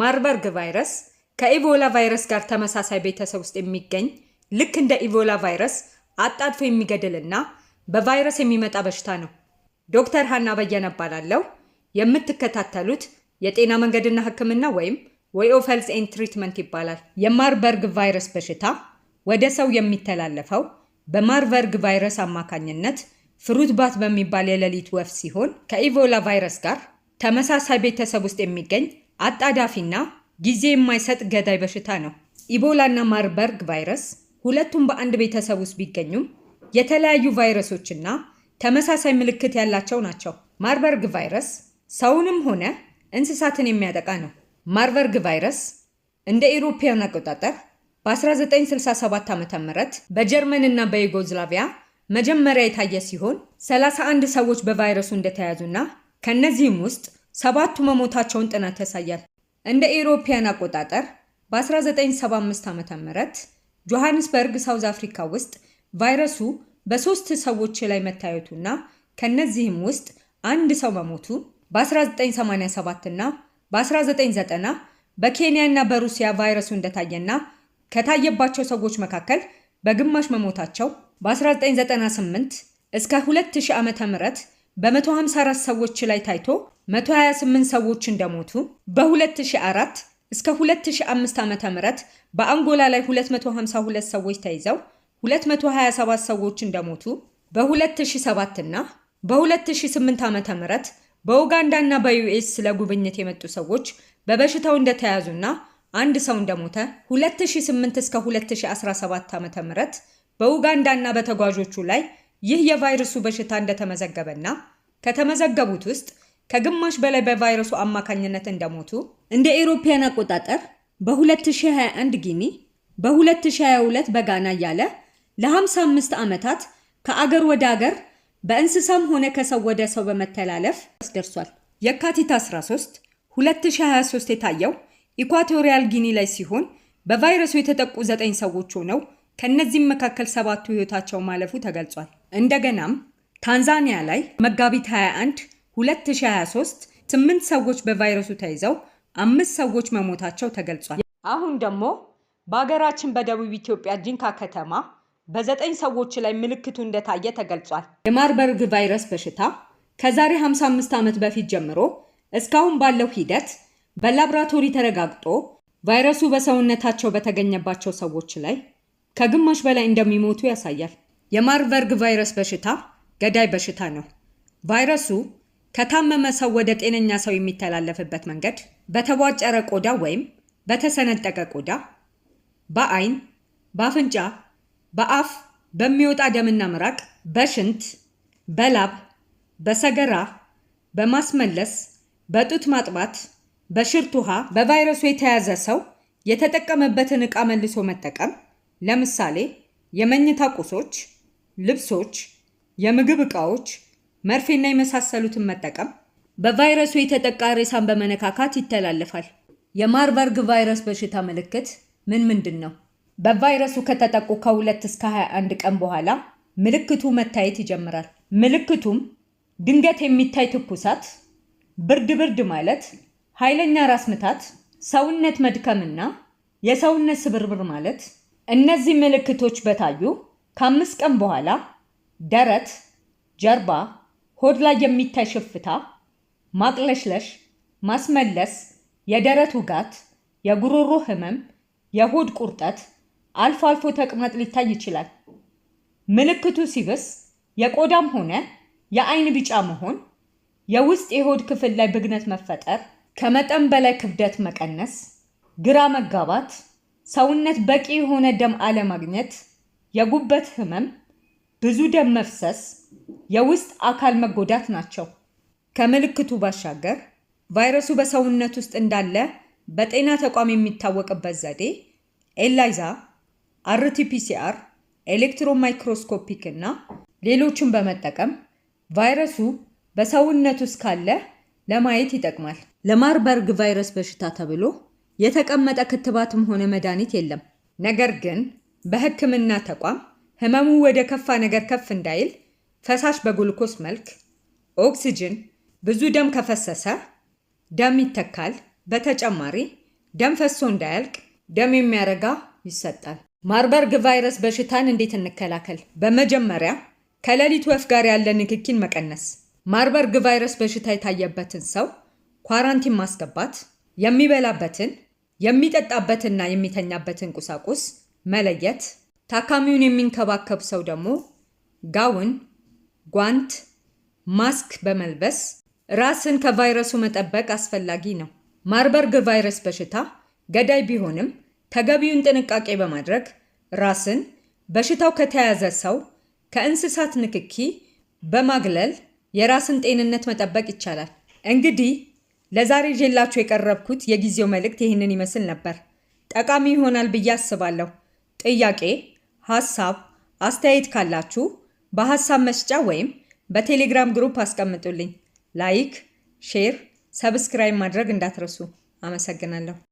ማርበርግ ቫይረስ ከኢቮላ ቫይረስ ጋር ተመሳሳይ ቤተሰብ ውስጥ የሚገኝ ልክ እንደ ኢቦላ ቫይረስ አጣድፎ የሚገድልና በቫይረስ የሚመጣ በሽታ ነው። ዶክተር ሃና በየነ እባላለሁ። የምትከታተሉት የጤና መንገድና ሕክምና ወይም ወይ ኦፍ ሄልዝ ኤንድ ትሪትመንት ይባላል። የማርበርግ ቫይረስ በሽታ ወደ ሰው የሚተላለፈው በማርበርግ ቫይረስ አማካኝነት ፍሩት ባት በሚባል የሌሊት ወፍ ሲሆን ከኢቮላ ቫይረስ ጋር ተመሳሳይ ቤተሰብ ውስጥ የሚገኝ አጣዳፊና ጊዜ የማይሰጥ ገዳይ በሽታ ነው። ኢቦላና ማርበርግ ቫይረስ ሁለቱም በአንድ ቤተሰብ ውስጥ ቢገኙም የተለያዩ ቫይረሶችና ተመሳሳይ ምልክት ያላቸው ናቸው። ማርበርግ ቫይረስ ሰውንም ሆነ እንስሳትን የሚያጠቃ ነው። ማርበርግ ቫይረስ እንደ ኢሮፓውያን አቆጣጠር በ1967 ዓ ም በጀርመንና በዩጎዝላቪያ መጀመሪያ የታየ ሲሆን 31 ሰዎች በቫይረሱ እንደተያዙና ከእነዚህም ውስጥ ሰባቱ መሞታቸውን ጥናት ያሳያል። እንደ ኢሮፒያን አቆጣጠር በ1975 ዓ ም ጆሃንስበርግ ሳውዝ አፍሪካ ውስጥ ቫይረሱ በሶስት ሰዎች ላይ መታየቱና ከነዚህም ውስጥ አንድ ሰው መሞቱ በ1987 እና በ1990 በኬንያ እና በሩሲያ ቫይረሱ እንደታየና ከታየባቸው ሰዎች መካከል በግማሽ መሞታቸው በ1998 እስከ 2000 ም በ154 ሰዎች ላይ ታይቶ 128 ሰዎች እንደሞቱ በ2004 እስከ 2005 ዓ.ም በአንጎላ ላይ 252 ሰዎች ተይዘው 227 ሰዎች እንደሞቱ በ2007 እና በ2008 ዓ.ም በኡጋንዳ እና በዩኤስ ለጉብኝት የመጡ ሰዎች በበሽታው እንደተያዙና አንድ ሰው እንደሞተ 2008 እስከ 2017 ዓ.ም በኡጋንዳ እና በተጓዦቹ ላይ ይህ የቫይረሱ በሽታ እንደተመዘገበና ከተመዘገቡት ውስጥ ከግማሽ በላይ በቫይረሱ አማካኝነት እንደሞቱ እንደ ኤሮፓያን አቆጣጠር በ2021 ጊኒ፣ በ2022 በጋና እያለ ለ55 ዓመታት ከአገር ወደ አገር በእንስሳም ሆነ ከሰው ወደ ሰው በመተላለፍ አስደርሷል። የካቲት 13 2023 የታየው ኢኳቶሪያል ጊኒ ላይ ሲሆን በቫይረሱ የተጠቁ ዘጠኝ ሰዎች ሆነው ከእነዚህም መካከል ሰባቱ ሕይወታቸው ማለፉ ተገልጿል። እንደገናም ታንዛኒያ ላይ መጋቢት 21 2023 ስምንት ሰዎች በቫይረሱ ተይዘው አምስት ሰዎች መሞታቸው ተገልጿል። አሁን ደግሞ በሀገራችን በደቡብ ኢትዮጵያ ጂንካ ከተማ በዘጠኝ ሰዎች ላይ ምልክቱ እንደታየ ተገልጿል። የማርበርግ ቫይረስ በሽታ ከዛሬ 55 ዓመት በፊት ጀምሮ እስካሁን ባለው ሂደት በላብራቶሪ ተረጋግጦ ቫይረሱ በሰውነታቸው በተገኘባቸው ሰዎች ላይ ከግማሽ በላይ እንደሚሞቱ ያሳያል። የማርበርግ ቫይረስ በሽታ ገዳይ በሽታ ነው። ቫይረሱ ከታመመ ሰው ወደ ጤነኛ ሰው የሚተላለፍበት መንገድ በተቧጨረ ቆዳ ወይም በተሰነጠቀ ቆዳ፣ በአይን፣ በአፍንጫ፣ በአፍ በሚወጣ ደምና ምራቅ፣ በሽንት፣ በላብ፣ በሰገራ፣ በማስመለስ፣ በጡት ማጥባት፣ በሽርት ውሃ። በቫይረሱ የተያዘ ሰው የተጠቀመበትን ዕቃ መልሶ መጠቀም፣ ለምሳሌ የመኝታ ቁሶች ልብሶች፣ የምግብ እቃዎች መርፌና የመሳሰሉትን መጠቀም በቫይረሱ የተጠቃ ሬሳን በመነካካት ይተላለፋል። የማርበርግ ቫይረስ በሽታ ምልክት ምን ምንድን ነው? በቫይረሱ ከተጠቁ ከ2 ከ2 እስከ 21 ቀን በኋላ ምልክቱ መታየት ይጀምራል። ምልክቱም ድንገት የሚታይ ትኩሳት፣ ብርድ ብርድ ማለት፣ ኃይለኛ ራስ ምታት፣ ሰውነት መድከምና የሰውነት ስብርብር ማለት። እነዚህ ምልክቶች በታዩ ከአምስት ቀን በኋላ ደረት፣ ጀርባ፣ ሆድ ላይ የሚታይ ሽፍታ፣ ማቅለሽለሽ፣ ማስመለስ፣ የደረት ውጋት፣ የጉሮሮ ህመም፣ የሆድ ቁርጠት፣ አልፎ አልፎ ተቅማጥ ሊታይ ይችላል። ምልክቱ ሲብስ የቆዳም ሆነ የአይን ቢጫ መሆን፣ የውስጥ የሆድ ክፍል ላይ ብግነት መፈጠር፣ ከመጠን በላይ ክብደት መቀነስ፣ ግራ መጋባት፣ ሰውነት በቂ የሆነ ደም አለማግኘት የጉበት ህመም፣ ብዙ ደም መፍሰስ፣ የውስጥ አካል መጎዳት ናቸው። ከምልክቱ ባሻገር ቫይረሱ በሰውነት ውስጥ እንዳለ በጤና ተቋም የሚታወቅበት ዘዴ ኤላይዛ፣ አርቲፒሲአር፣ ኤሌክትሮን ማይክሮስኮፒክ እና ሌሎችን በመጠቀም ቫይረሱ በሰውነት ውስጥ ካለ ለማየት ይጠቅማል። ለማርበርግ ቫይረስ በሽታ ተብሎ የተቀመጠ ክትባትም ሆነ መድኃኒት የለም። ነገር ግን በህክምና ተቋም ህመሙ ወደ ከፋ ነገር ከፍ እንዳይል ፈሳሽ በግሉኮስ መልክ፣ ኦክሲጅን፣ ብዙ ደም ከፈሰሰ ደም ይተካል። በተጨማሪ ደም ፈሶ እንዳያልቅ ደም የሚያረጋ ይሰጣል። ማርበርግ ቫይረስ በሽታን እንዴት እንከላከል? በመጀመሪያ ከሌሊት ወፍ ጋር ያለ ንክኪን መቀነስ፣ ማርበርግ ቫይረስ በሽታ የታየበትን ሰው ኳራንቲን ማስገባት፣ የሚበላበትን የሚጠጣበትና የሚተኛበትን ቁሳቁስ መለየት፣ ታካሚውን የሚንከባከብ ሰው ደግሞ ጋውን፣ ጓንት፣ ማስክ በመልበስ ራስን ከቫይረሱ መጠበቅ አስፈላጊ ነው። ማርበርግ ቫይረስ በሽታ ገዳይ ቢሆንም ተገቢውን ጥንቃቄ በማድረግ ራስን በሽታው ከተያዘ ሰው፣ ከእንስሳት ንክኪ በማግለል የራስን ጤንነት መጠበቅ ይቻላል። እንግዲህ ለዛሬ ይዤላችሁ የቀረብኩት የጊዜው መልእክት ይህንን ይመስል ነበር። ጠቃሚ ይሆናል ብዬ አስባለሁ። ጥያቄ፣ ሀሳብ፣ አስተያየት ካላችሁ በሀሳብ መስጫ ወይም በቴሌግራም ግሩፕ አስቀምጡልኝ። ላይክ፣ ሼር፣ ሰብስክራይብ ማድረግ እንዳትረሱ። አመሰግናለሁ።